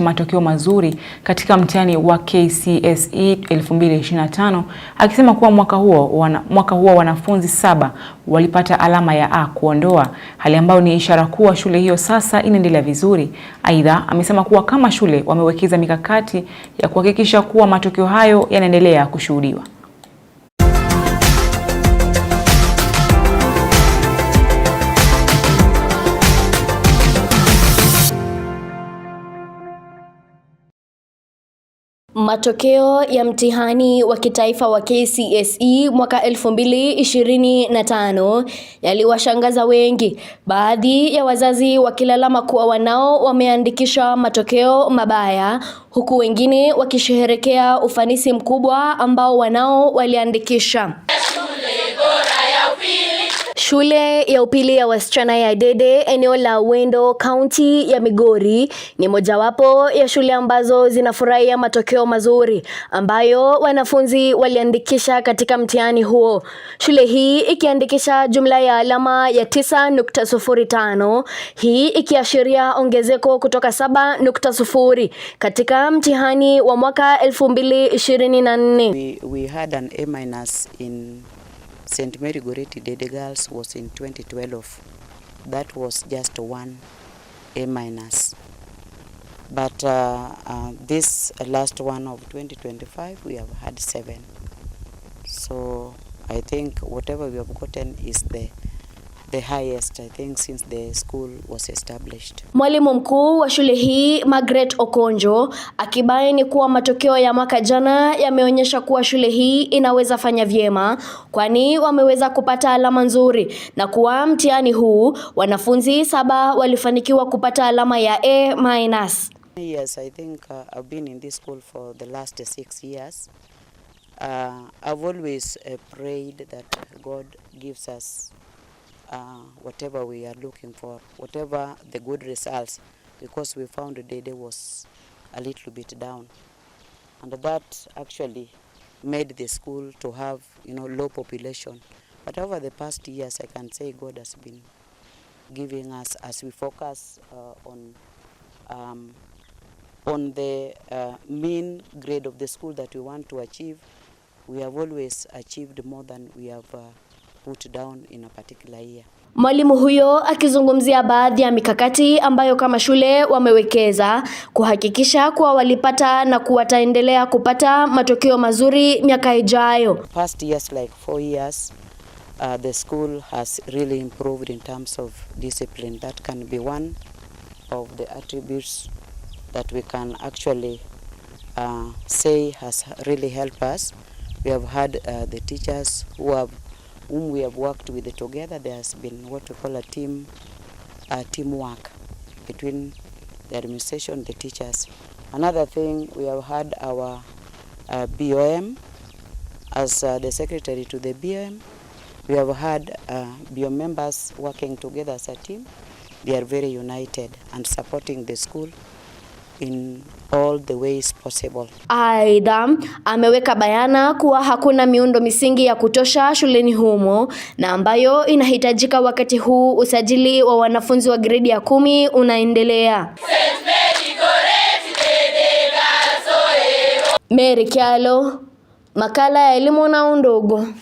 matokeo mazuri katika mtihani wa KCSE 2025 akisema kuwa mwaka huo, wana, mwaka huo wanafunzi saba walipata alama ya A kuondoa, hali ambayo ni ishara kuwa shule hiyo sasa inaendelea vizuri. Aidha, amesema kuwa kama shule wamewekeza mikakati ya kuhakikisha kuwa matokeo hayo yanaendelea kushuhudiwa. Matokeo ya mtihani wa kitaifa wa KCSE mwaka 2025 yaliwashangaza wengi, baadhi ya wazazi wakilalama kuwa wanao wameandikisha matokeo mabaya, huku wengine wakisherehekea ufanisi mkubwa ambao wanao waliandikisha. Shule ya upili ya wasichana ya dede eneo la Wendo kaunti ya Migori ni mojawapo ya shule ambazo zinafurahia matokeo mazuri ambayo wanafunzi waliandikisha katika mtihani huo. Shule hii ikiandikisha jumla ya alama ya 9.05, hii ikiashiria ongezeko kutoka 7.0 katika mtihani wa mwaka 2024. We, we had an A- in St. Mary Goretti Dede Girls was in 2012. That was just one A minus. But uh, uh, this last one of 2025 we have had seven. So I think whatever we have gotten is there The highest, I think, since the school was established. Mwalimu mkuu wa shule hii Margaret Okonjo akibaini kuwa matokeo ya mwaka jana yameonyesha kuwa shule hii inaweza fanya vyema kwani wameweza kupata alama nzuri na kuwa mtihani huu wanafunzi saba walifanikiwa kupata alama ya A minus. Yes, I think uh, I've been in this school for the last six years. Uh, I've always uh, prayed that God gives us uh, whatever we are looking for, whatever the good results, because we found Dede was a little bit down. And that actually made the school to have, you know, low population. But over the past years, I can say God has been giving us, as we focus uh, on um, on the uh, mean grade of the school that we want to achieve, we have always achieved more than we have uh, put down in a particular year. Mwalimu huyo akizungumzia baadhi ya mikakati ambayo kama shule wamewekeza kuhakikisha kuwa walipata na kuwataendelea kupata matokeo mazuri miaka ijayo. Past years like four years uh, the school has really improved in terms of discipline that can be one of the attributes that we can actually uh, say has really helped us. We have had uh, the teachers who have whom we have worked with together. There has been what we call a team, a teamwork between the administration, the teachers. Another thing, we have had our uh, BOM as uh, the secretary to the BOM. We have had uh, BOM members working together as a team. They are very united and supporting the school in all the ways possible. Aidha, ameweka bayana kuwa hakuna miundo misingi ya kutosha shuleni humo na ambayo inahitajika wakati huu usajili wa wanafunzi wa gredi ya kumi unaendelea. Mary Kyalo, makala ya elimu na Undugu.